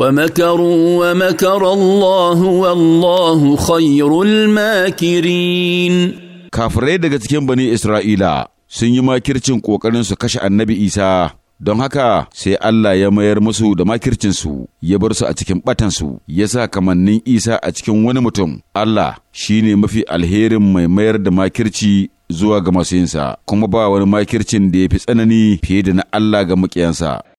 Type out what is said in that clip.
ومكروا ومكر الله والله خير الماكرين kafirai daga cikin bani Isra'ila sun yi makircin ƙoƙarin su kashe annabi Isa don haka sai Allah ya mayar musu da su ya bar su a cikin batansu ya sa kamannin Isa a cikin wani mutum Allah shi ne mafi alherin mai mayar da makirci zuwa ga masu yinsa kuma ba wani makircin da ya fi tsanani fiye da na Allah ga maƙiyansa.